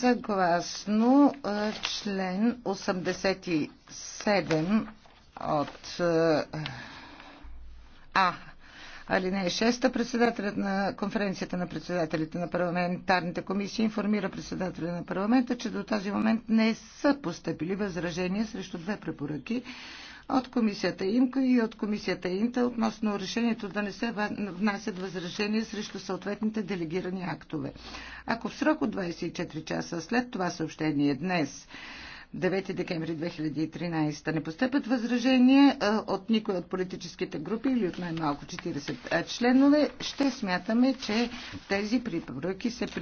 Съгласно е, член 87 от е, А. Алинея 6. Председателят на конференцията на председателите на парламентарните комисии информира председателя на парламента, че до този момент не са поступили възражения срещу две препоръки от комисията ИМКО и от комисията ИНТА относно решението да не се внасят възражения срещу съответните делегирани актове. Ако в срок от 24 часа след това съобщение днес 9 декември 2013 не постъпят възражения от никой от политическите групи или от най-малко 40 членове, ще смятаме, че тези препоръки се